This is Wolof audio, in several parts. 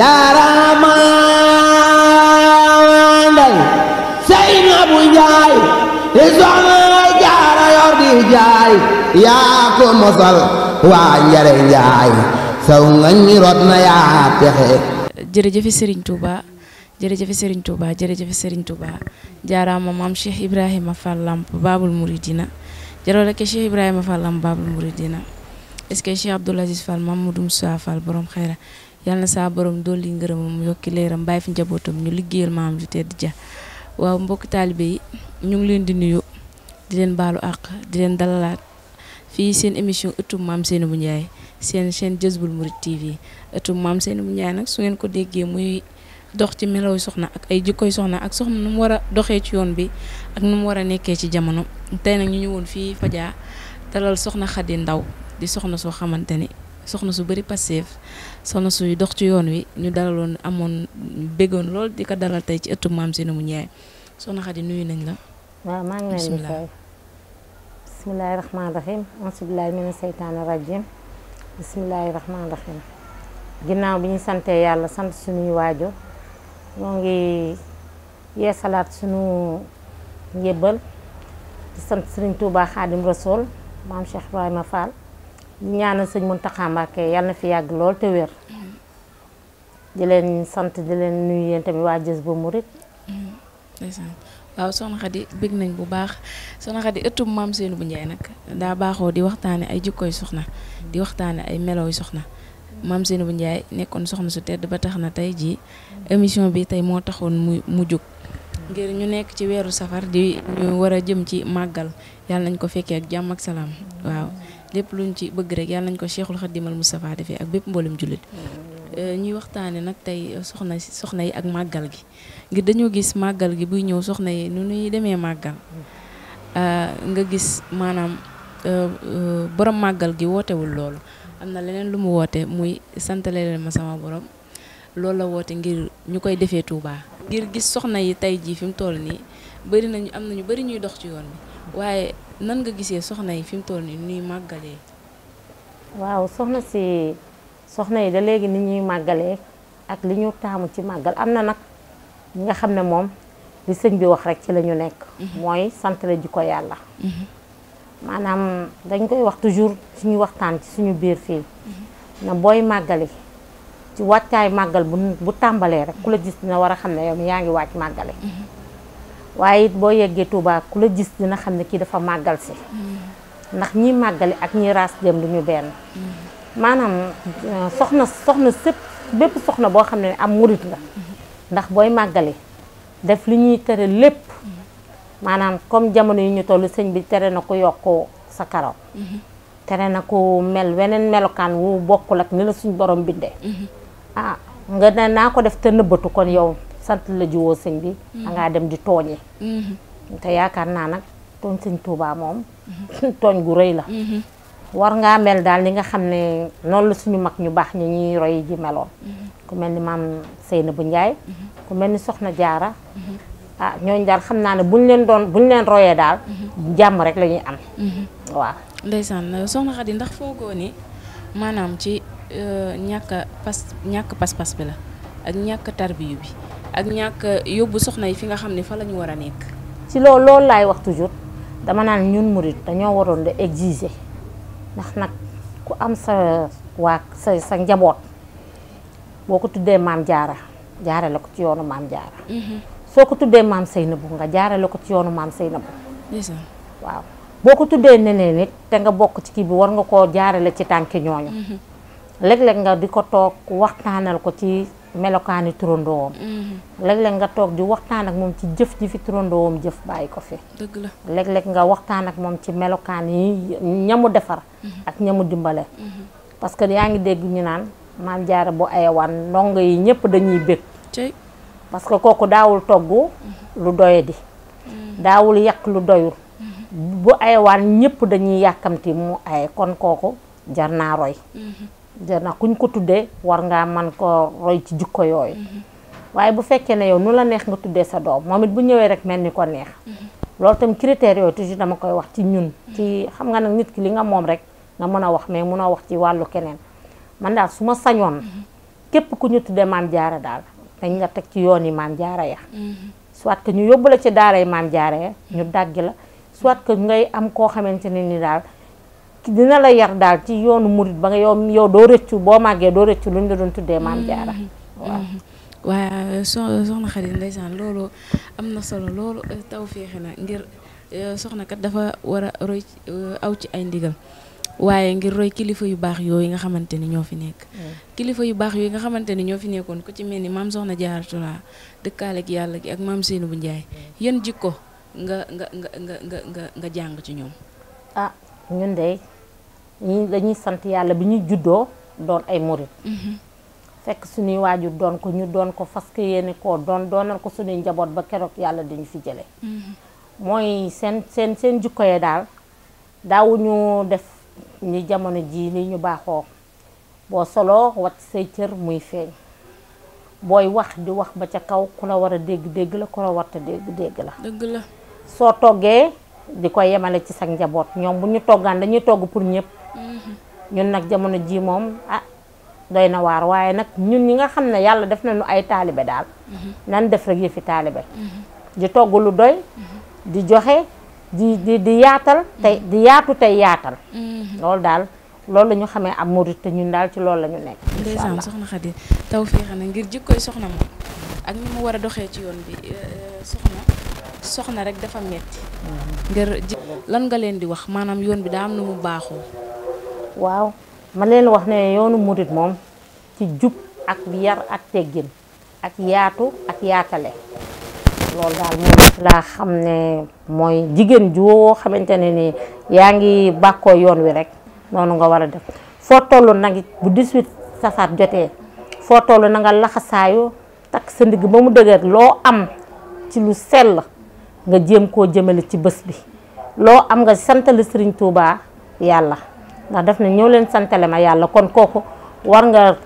jaaraamaandal Seynabu Njaay i soxna jaara yor di jaay yaa ko mosal waa njare njaay saw nga ñi rot na yaa texe jërëjëfe Serigne Touba jërëjëfe Serigne Touba jërëjëfe Serigne Touba Ibrahima Fall Lamp Babul Mouridina jarool ak Cheikh Ibrahima Fall Lamp Babul Mouridina est-ce que Cheikh Abdoul Aziz Fall Mamadou Moussa Fall borom xayra yal na saa dool borom dolli mu yokki leeram bàyyi fi njabootam ñu liggéeyal maam ju tedd ja waaw mbokk taalibe yi ñu ngi leen di nuyu di leen baalu àq di leen dalalaat fii seen émission ëttu maam Seynabou Ndiaye seen chaîne Jazboul Mouride TV ëttu maam Seynabou Ndiaye nag su ngeen ko déggee muy dox ci meloy soxna ak ay jikkoy soxna ak soxna nu mu war a doxee ci yoon bi ak nu mu war a nekkee ci jamono tey nag ñu ñëwoon fii fajaa dalal soxna Xadi Ndaw di soxna soo xamante ni soxna su bëri passif soxna suy dox ci yoon wi ñu dalaloon amoon béggoon lool di ko dalal tey ci ëttu maam Seynabou Ndiaye soxna xadi nuyu nañ la. waaw maa ngi leen di fay bismillaahi rahmaani rahiim ansibillaahi mina seytaani rajiim bismillaahi rahmaani rahiim ginnaaw bi ñu santee yàlla sant suñuy waajur ñoo ngi yeesalaat suñu njébbal di sant Sëriñ Tuubaa Xaadim Rasuul maam Cheikh Ibrahima Fall ñaanal sëñ Mountakha Mbacké yàlla na fi yàgg lool te wér di leen sant di leen nuyu yéen tamit waa Jazbou Mouride waaw soxna Khady bëgg nañ bu baax soxna Khady ëttub maam Seynabou Ndiaye nag daa baaxoo di waxtaane ay jikkoy soxna di waxtaane ay melooy soxna maam Seynabou Ndiaye nekkoon soxna su tedd ba tax na tey jii émission bi tey moo taxoon mu mu jóg ngir ñu nekk ci weeru safar di ñu war a jëm ci màggal yàlla nañ ko fekkee jàmm ak salaam waaw lépp luñ ci bëgg rek yàlla nañ ko Cheikhul Xadimal Moustapha defee ak bépp mboolum jullit euh, ñuy waxtaane nag tey euh, soxna soxna yi ak màggal gi ngir dañoo gis màggal gi buy ñëw soxna yi nu nuy demee màggal euh, nga gis maanaam borom màggal gi wootewul loolu am na leneen lu mu woote muy santale leen ma sama borom loolu la woote ngir ñu koy defee tuubaa ngir gis soxna yi tey jii fi mu toll nii bëri nañu am nañu bëri ñuy dox ci yoon bi waaye nan nga gisee soxna yi fi mu toll nii nuy màggalee. waaw soxna si soxna yi da léegi ni ñuy màggalee ak li ñu taamu ci màggal am na nag ñi nga xam ne moom li sëñ bi wax rek ci la ñu nekk. Mhm. mooy santale ji ko yàlla. Mhm. maanaam dañ koy wax toujours suñu waxtaan ci suñu biir fii. Mhm. na booy màggali ci wàccaay màggal bu bu tàmbalee rek ku la jis dina war a xam ne yow yaa ngi wàcc màggale. waaye it boo yeggee Touba ku la gis dina xam ne kii dafa màggal si ndax ñi màggale ak ñi raas dem du benn maanaam euh, soxna soxna sëpp bépp soxna boo xam ne am murit nga ndax booy màggale def li ñuy tere lépp maanaam comme jamono yi ñu toll sëñ bi tere na ko yokk sa karaw tere na ko mel weneen melokaan wu bokkul ak ni la suñ borom bindee mm-hmm. ah nga ne naa ko def te nëbbatu kon yow sant la jiwoo sëñ bi mm-hmm. nga dem di hmm te yaakaar na nak ton sëñ touba mom togn gu reuy la mm-hmm. war nga mel dal li nga xamné ne la suñu mag ñu bax ñi roy ji hmm ku mel ni maam Seynabou Ndiaye mm-hmm. ku melni Soxna Jaara ah ñooñu daal xamna naa ne buñ leen doon buñ leen royé dal jamm rek lañuy am hmm wa ndaysan soxna Xadi ndax fogo ni manam ci euh, ñaka pas ñaka pas-pas bi la ak ñaka tarbiyu bi ak ñàkk yóbbu soxna yi fi nga xam ni fa la war a nekk. ci loo loolu laay wax toujours dama naan ñun murit dañoo waroon di exiger ndax nag ku am sa waa sa sa njaboot boo ko tuddee maam jaara jaarale ko ci yoonu maam jaara. Mhm. soo ko tuddee maam Seynabou nga jaare ko ci yoonu maam Seynabou. waaw boo ko tuddee neneen nit te nga bokk ci kii bi war nga koo jaarale ci tànki ñooñu. Mhm. léeg-léeg nga di ko toog waxtaanal ko ci. melokaani trondom, mm-hmm. leg leg nga tok di waxtaan ak mom ci jëf ji fi turandoom jëf bay ko fi dëgg la léeg-léeg nga waxtaan ak mom ci melokaan ñamu defar mm-hmm. ak ñamu dimbalé mm-hmm. parce que yaangi dégg ñu naan maam jaara bu ayawaan ndongo yi ñepp dañuy bég parce que koku daawul toggu lu di daawul yak lu doyul bu ñepp dañuy yakamti mu ay kon koku jar roy jana kuñ ko tuddee war ngaa man koo roy ci jikko yooyu waaye bu fekkee ne yow nu la neex nga tuddee sa doom moom it bu ñëwee rek mel ni ko neex loolu tam critères yooyu toujours dama koy wax ci ñun ci xam nga nag nit ki li nga moom rek nga mën a wax mais mën a wax ci wàllu keneen man daal su ma sañoon képp ku ñu tuddee maam jaara daal dañ nga teg ci yoon yi maam jaara ya soit que ñu yóbbu la ci daara yi maam jaare ya ñu dàggi la soit que ngay am koo xamante ne ni daal dina la yar daal ci yoonu murit ba nga yow doo rëccu boo màggee doo rëccu luñ la doon tuddee maam jaara mm-hmm. waaw mm-hmm. waaw soxna Xadi ndeysaan loolu am na solo loolu eh, taw féexe na ngir eh, soxna kat dafa war a roy eh, aw ci ay ndigal waaye ngir roy kilifa yu baax yooyu nga xamante ni ñoo fi nekk mm. kilifa yu baax yooyu nga xamante ni ñoo fi nekkoon ku ci mel ni maam soxna jaaratulaa dëkkaale gi yàlla gi ak maam seeni bu njaay mm. yan jikko nga nga nga nga nga nga jàng ci ñoom ah, ñii dañuy sant yàlla bi ñuy juddoo doon ay murit mhm. fekk suñuy waajur doon ko ñu doon ko fas yéene koo doon doonal ko suñuy njaboot ba keroog yàlla dañu fi jële mhm. mooy seen seen seen jikko yi daal daawuñu def ni jamono ji li ñu baaxoo boo solo wat say cër muy feeñ booy wax di wax ba ca kaw ku la war a dégg dégg la ku la war a dégg dégg la dëgg la soo toggee di ko yemale ci sa njaboot ñoom bu ñu toggaan dañuy togg pour ñëpp ñun nag jamono jii moom ah doy na waar waaye nag ñun ñi nga xam ne yàlla def nañu ay taalibe daal mhm. nan def rek yëfi taalibe mhm. di togg lu doy mhm. di joxe di di di yaatal tey di yaatu tey yaatal loolu daal loolu la ñu xamee am murit te ñun daal ci loolu la ñu nekk ndeysaan soxna Xadi taw fii xam ne ngir jikkoy soxna moom ak ni mu war a doxee ci yoon bi eh, eh, soxna soxna rek dafa metti ngir lan nga leen di wax maanaam yoon bi daa am na mu baaxoo waaw ma leen wax ne yoonu murit moom ci jub ak yar ak teggin ak yaatu ak yaatale loolu daal moom laa xam ne mooy jigéen joo xamante ne ni yaa ngi bàkkoo yoon wi rek noonu nga war a def foo toll nag bu 18 safar jotee foo toll na nga laxasaayu takk sa ndig ba mu dëgër am ci lu sell nga jéem koo jëmale ci bés bi loo am nga Sëriñ Tuubaa yàlla ndax daf ne ñëw leen santale ma yàlla kon kooku war nga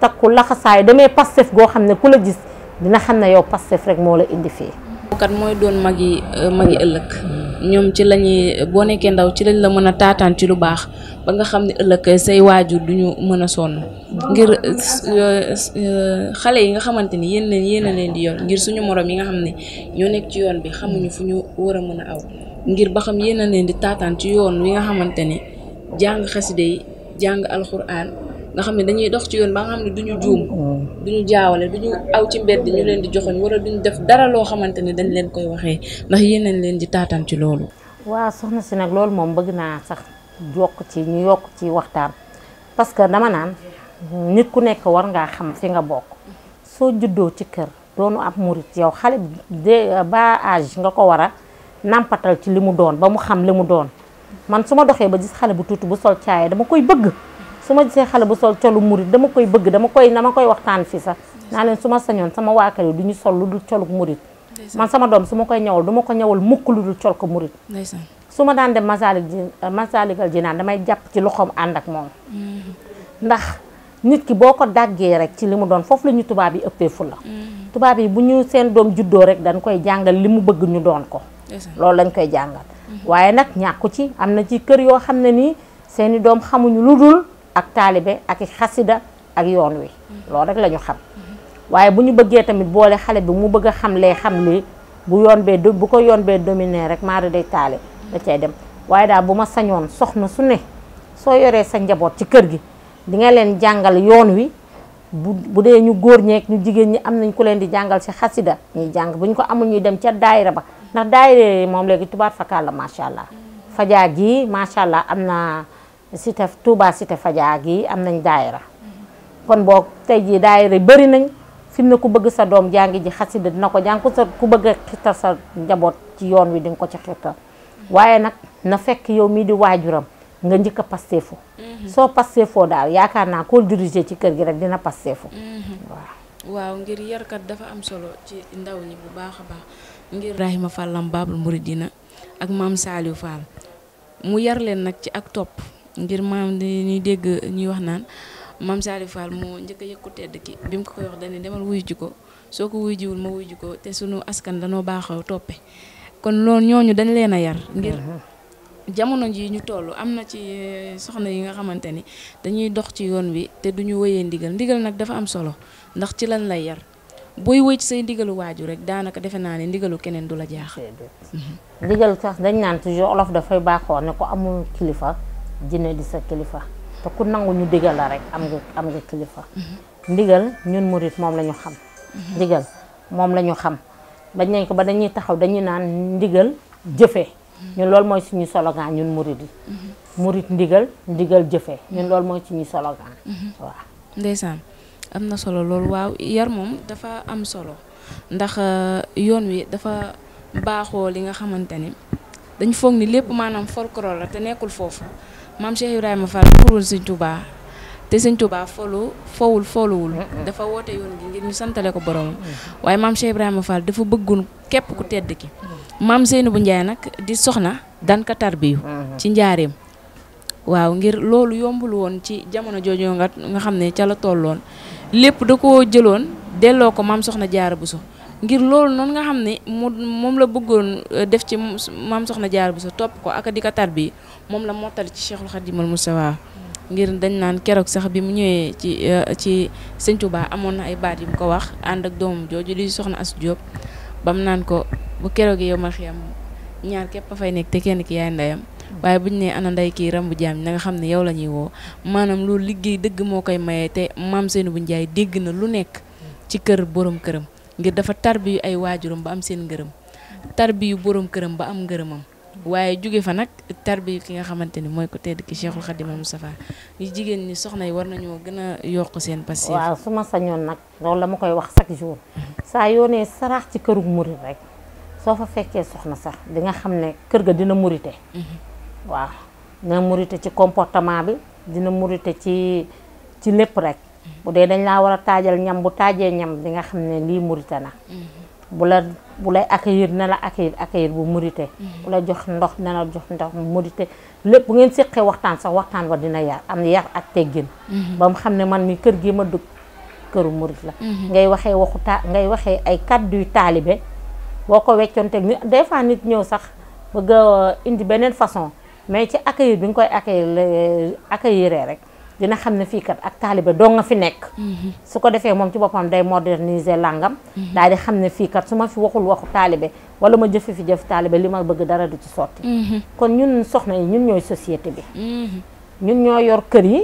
takku laxasaay demee Pastef goo xam ne ku la gis dina xam ne yow Pastef rek moo la indi fii. kat mooy doon mag yi euh, mag yi ëllëg ñoom ci lañuy boo nekkee ndaw ci lañ la mën a taataan ci lu baax ba nga xam ne ëllëg say waajur duñu mën a sonn ngir euh, euh, xale yi nga xamante ni yéen yéen a leen di yor ngir suñu moroom yi nga xam ne ñoo nekk ci yoon bi xamuñu fu ñu war a mën a aw ngir ba xam yéen leen di taataan ci yoon wi nga xamante jàng xaside yi jàng alxuraan nga xam ne dañuy dox ci yoon ba nga xam ne duñu juum mm. duñu jaawale duñu aw ci mbedd ñu leen di joxoñ wala duñu def dara loo xamante ne dañ leen koy waxee ndax yéen leen di taataan ci loolu waaw soxna si nag loolu moom bëgg naa sax yokk ci ñu yokk ci waxtaan parce que dama naan nit ku nekk war ngaa xam fi nga bokk soo juddoo ci kër doonu am murit yow xale de ba âge nga ko war a nàmpatal ci li mu doon ba mu xam li mu doon man suma doxé ba gis xalé bu tuuti bu sol caaya dama koy bëgg suma gisé xalé bu sol colu mourid dama koy bëgg dama koy nama koy waxtaan fi sax na leen suma sañon sama waa duñu sol lu dul colu mourid man sama dom suma koy ñawal duma ko ñawal mukk lu dul col mourid murit daan dem masaalik eh, masalikal jinaan damay japp ci loxom and ak mom mm-hmm. ndax nit ki boko ko rek ci limu babi doon fofu lañu tuba bi yi fu la mm-hmm. tuba bi buñu seen dom juddoo rek dañ koy jangal limu bëgg ñu doon ko lool lañ koy jangal Mm-hmm. waaye nag ñàkku ci am na ci kër yoo xam ne nii seeni doom xamuñu lu dul ak taalibe ak xasida ak yoon wi mm-hmm. loolu rek lañu ñu xam mm-hmm. waaye bu ñu bëggee tamit boole xale bi mu bëgg a xam lee xam lii bu yoon bee bu ko yoon bee dominé rek maa day taale da cay dem waaye daal bu ma sañoon soxna su ne soo yoree sa njaboot ci kër gi di nga leen jàngal yoon wi bu bu dee ñu góor ñeek ñu jigéen ñi am nañ ku leen di jàngal si xasida ñuy jàng bu ñu ko amul ñuy dem ca daayira ba ndax daayira moom léegi tubaab fakkaat la macha allah. fajaa gi macha allah am na cité Touba cité fajaa gi am nañ daayira kon boo tey jii daayira bëri nañ fi mu ne ku bëgg sa doom jàngi ji xasida dina ko jàng ku sa ku bëgg a sa njaboot ci yoon wi di ko ci xirtal waaye nag na fekk yow mii di waajuram nga njëkk paste pasteefu mhm. soo foo daal yaakaar naa koo diriger ci kër gi rek dina pasteefu mhm. waaw waaw ngir yarkat dafa am solo ci ndaw ñi bu baax ngir Ibrahima Fall Lam Babul Mouridina ak maam Saliou Fall mu yar leen nag ci ak topp ngir maam dañuy dégg ñuy wax naan maam Saliou Fall moo njëkk a yëkku tedd ki bi mu ko koy wax dañuy demal wuyu ko soo ko wuyu ma wuyu ko te sunu askan danoo baaxoo toppe kon loolu ñooñu dañ leen a yar ngir jamono ji ñu toll am na ci eh, soxna yi nga xamante ni dañuy dox ci yoon wi te duñu wëyee ndigal ndigal nag dafa am solo ndax ci lan lay yar booy wëy ci say ndigalu waajur rek daanaka defe naa ne ndigalu keneen du la jaax ndigal sax dañ naan toujours olof dafay baaxoo ne ko amul kilifa jinne di sa kilifa te ku nangu ñu digal la rek am nga am nga kilifa mm-hmm. ndigal ñun murit moom lañu xam mm-hmm. ndigal moom lañu ñu xam bañ nañ ko ba dañuy taxaw dañuy naan ndigal jëfe mm-hmm. ñun loolu mooy suñu slogan ñun murit yi murit ndigal ndigal jëfee ñun loolu mooy suñu slogan am na solo loolu waaw yar moom dafa am solo ndax euh, yoon wi dafa baaxoo li nga xamante ni dañ foog ni lépp maanaam folklore la te nekkul foofu maam Cheikh Ibrahima Fall furul Sëñ te Sëñ Tuubaa folu fowul foluwul dafa woote yoon gi ngir ñu santale ko boroomam waaye maam Cheikh Ibrahima Fall dafa bëggul képp ku tedd ki maam bu Ndiaye nag di soxna daan bi tarbiyu mm-hmm. ci njaareem waaw ngir loolu yombul woon ci jamono jooju nga nga xam ne ca la tolloon lépp da ko jëloon delloo ko maam soxna jaara so ngir loolu noonu nga xam ne mu moom la bëggoon euh, def ci maam soxna jaara buso topp ko ak di ko tar bi moom la mottali ci cheikhul xadimal mustafa ngir dañ naan keroog sax bi mu ñëwee ci euh, ci sëñ Tuubaa amoon na ay baat yu mu ko wax ànd ak doomam jooju di soxna Asu Jóob bam naan ko bu keroog yow ma xiyam ñaar képp a fay nekk te kenn ki yaay ndeyam waaye bu ñu nee ana nday kii rambu jaam na nanga xam ne yow la ñuy woo maanaam loolu liggéey dëgg moo koy maye te maam seeni bu njaay dégg na lu nekk ci kër boroom këram ngir dafa tarbiyu ay waajuram ba am seen ngërëm tarbiyu borom këram ba am ngërëmam waaye jóge fa nag tarbiyu ki nga xamante ni mooy ko tedd ki Cheikhul Khadim Moustapha ñu jigéen ñi soxna yi war nañoo gën a yokk seen passé waaw su ma sañoon nag loolu la ma koy wax chaque jour saa yoonee saraax ci këru murit rek soo fa fekkee soxna sax di nga xam ne kër ga dina murite waaw dina mérite ci comportement bi dina mérite ci ci lépp rek bu dee dañ laa war a taajal ñam bu taajee ñam di nga xam ne lii mérite na mm-hmm. bu la bu lay accueillir na la accueillir accueillir bu mérite mm-hmm. bu la jox ndox na jox ndox mérite lépp bu ngeen séqee waxtaan sax waxtaan wa dina yar am yar ak teggin mm-hmm. ba mu xam ne man mi kër gi ma dugg këru murit la ngay waxee waxu ta ngay waxee ay kàdduy taalibe boo ko weccoon teg ni des fois nit ñëw sax bëgg indi beneen façon mais ci accueil bi nga koy accueil euh, accueillir rek dina xam ne fii kat ak taalibe doo nga fi nekk. Mhm. su ko defee moom ci boppam day moderniser langam. Mhm. daal di xam ne fii kat su ma fi waxul waxu taalibe wala ma jëfe fi jëf taalibe li ma bëgg dara du ci sotti. Mhm. kon ñun soxna yi ñun ñooy société bi. ñun ñoo yor kër yi.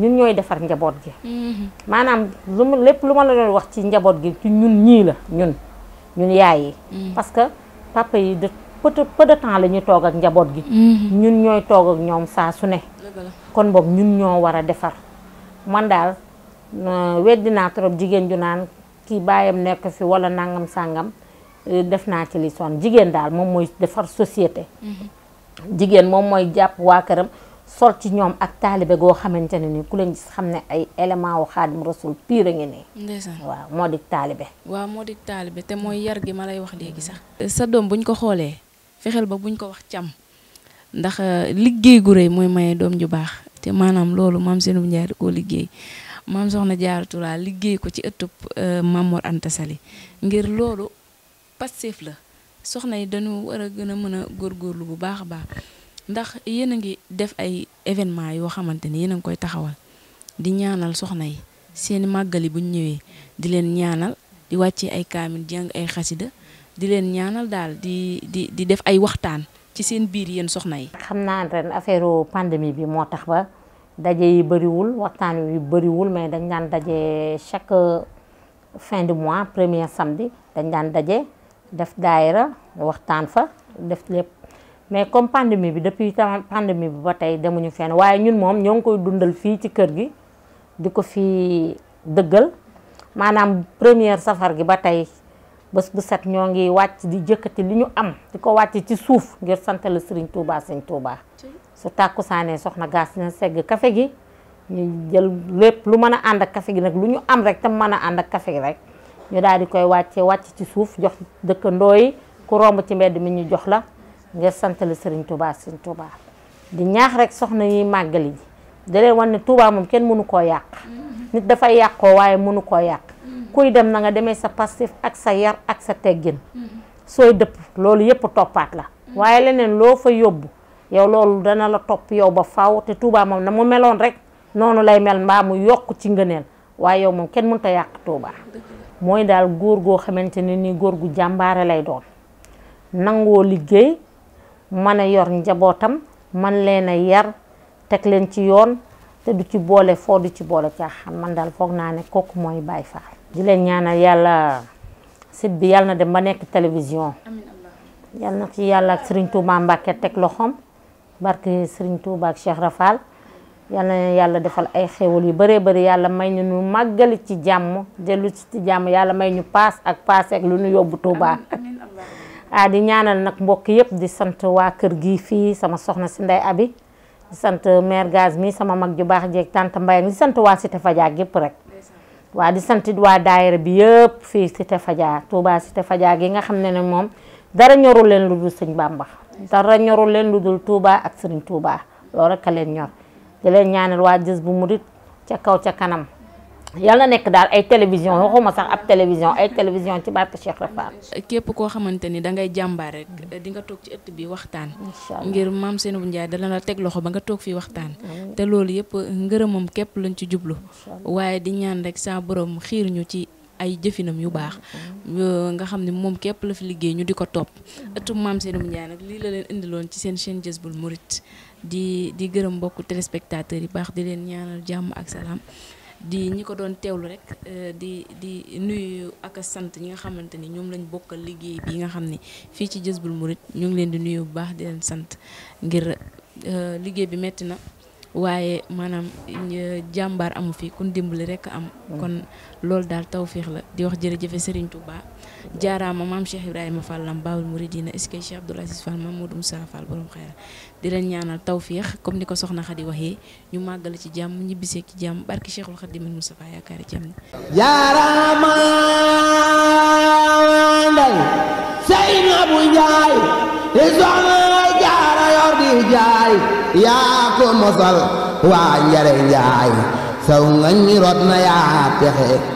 ñun ñooy defar njaboot gi maanaam lu ma lépp lu ma la doon wax ci njaboot gi ci ñun ñii la ñun ñun yaay yi parce que yi de peu de de temps lañu ñuy ak njabot gi. ñun ñoy toog ak mhm. ñom sa su ne. kon bok ñun ño wara défar man dal weddi trop ju nan ki bayam nek fi wala nangam sangam eh, def naa ci li son jigen dal mom moy defar société. Mhm. jigen mom moy japp wa kërëm sol ci ñom ak talibé go xamanteni ni ku leen gis ne ay élément wu khadim rasul pire ngi ni waaw modik talibé waaw modik talibé taalibe te yar gi malay wax légui sax. sa dom buñ ko xolé fexel ba buñ ko wax cam ndax euh, liggey gu rëy moy maye dom ju bax te manam lolu mam Seenub ndiar ko liggey mam soxna jaar Tuuraa liggey ko ci euh, mam mor Anta Sali ngir lolu passif la soxna yi dañu wara gëna mëna gor mën a bu baax ba ndax yeena ngi def ay événement yo xamanteni yeena yéen ngi koy taxawal di ñaanal soxna yi seen magali buñ ñëwé di leen ñaanal di wacce ay kamil jang ay khassida di len ñaanal dal di di di def ay waxtaan ci seen biir yeen soxna yi. xamna ren affaireu pandémie bi moo tax ba daje yi wul waxtaan yu wul mais dañ daje chaque fin de mois premier samedi dañ daan daje def daaira waxtaan fa def lepp mais comme pandémie bi depuis pandémie bi ba tey demuñu fenn waye ñun moom ñong koy dundal fi ci kër gi di ko fi deugal manam premier safar gi ba tay bés bu set ñoo ngi wàcc di jëkkati li ñu am di ko wàcc ci suuf ngir santale Serigne Touba Serigne Touba su tàkkusaanee soxna gaas na segg kafe gi ñu jël lépp lu mën a ànd ak gi nag lu ñu am rek te mën a ànd ak café gi rek ñu daal di koy wàcce wàcc ci suuf jox dëkkandoo yi ku romb ci mbedd mi ñu jox la ngir santale Serigne Touba Serigne Touba di ñaax rek soxna yi màggali ji da leen wan ne moom kenn mënu koo yàq mm-hmm. nit dafay yàqoo waaye mënu koo yàq kuy dem na nga démé sa passif ak sa yar ak sa teggin soy depp loolu yépp topat la waaye leneen lo fa yobb yow loolu dana la top yow ba faaw te Touba mom na mu meloon rek nonu lay mel mbaa mu yokk ci ngeenel waaye yow mom kèn mënut a yàq Touba moy dal gor go xamante ni gor gu jàmbaare lay doon nango liggéey mané yor njabotam man yar tek ci yoon te du ci bolé fo du ci ci xam man dal foog na né kok moy bay Faal di leen ñaanal yàlla site bi yàlla na dem ba nekk télévision yàlla na ci yàlla ak Serigne Touba Mbacke teg loxoom barke Serigne Touba ak Cheikh Rafal yàlla na yàlla defal ay xéwal yu bëree bëri yàlla may ñu nu màggali ci jàmm dellu ci jàmm yàlla may ñu paas ak paas ak lu nu yóbbu Touba ah di ñaanal nag mbokk yëpp di sant waa kër gi fii sama soxna si Ndey Abi di sant mère Gaz mi sama mag ju baax jeeg tante Mbaye di sant waa Cité Fadia gépp rek. waa di santit waa daayira bi yëpp fii Cité Fadia Touba Cité fajaa gi nga xam ne ne moom dara ñorul leen lu dul sëñ Bàmba dara ñorul leen lu dul Touba ak sëriñ Touba loolu rek a leen ñor di leen ñaanal waa bu mu Mouride ca kaw ca kanam yàlla na nekk daal ay télévision waxuma sax ab télévision ay télévision ci barke Cheikh Rafa. képp koo xamante ni da ngay jàmbaar rek di nga toog ci ëtt bi waxtaan. ngir maam Seynabou Ndiaye dana la teg loxo ba nga toog fii waxtaan. te loolu yëpp ngërëmam képp lañ ci jublu. waaye di ñaan rek sa borom xiir ñu ci ay jëfinam yu baax. nga xam ne moom képp la fi liggéey ñu di ko topp. ëttu maam Seynabou Ndiaye nag lii la leen indiloon ci seen chaîne Jazboul Mouride di di gërëm mbokku téléspectateurs yi baax di leen ñaanal jàmm ak salaam. di ñi ko doon teewlu rek euh, di di nuyu ak sant ñi nga xamante ni ñoom lañ bokkal liggéey bi nga xam ni fii ci Jazboul Mouride ñu ngi leen di nuyu bu baax di leen sant ngir euh, liggéey bi metti na waaye maanaam eh, jàmbaar amu fi kun dimbali rek am. Mm. kon loolu daal tawféex la di wax jërëjëfe sëriñ Touba jaaraama maam Cheikh Ibrahima Fall Lamp Baabul Mouridina est-ce que Cheikh Abdoul Aziz Fall maam Modou Moussa Fall borom xayra di leen ñaanal tawféex comme ni ko soxna Xadi waxee ñu màggal ci jàmm ñibbisee ci jàmm barki Cheikhul Xadim Moustapha yaakaari jàmm. jaaraama ndey Seynabou Ndiaye di jaay yaa ko mosal waa njare njaay saw ngañ rot na yaa texe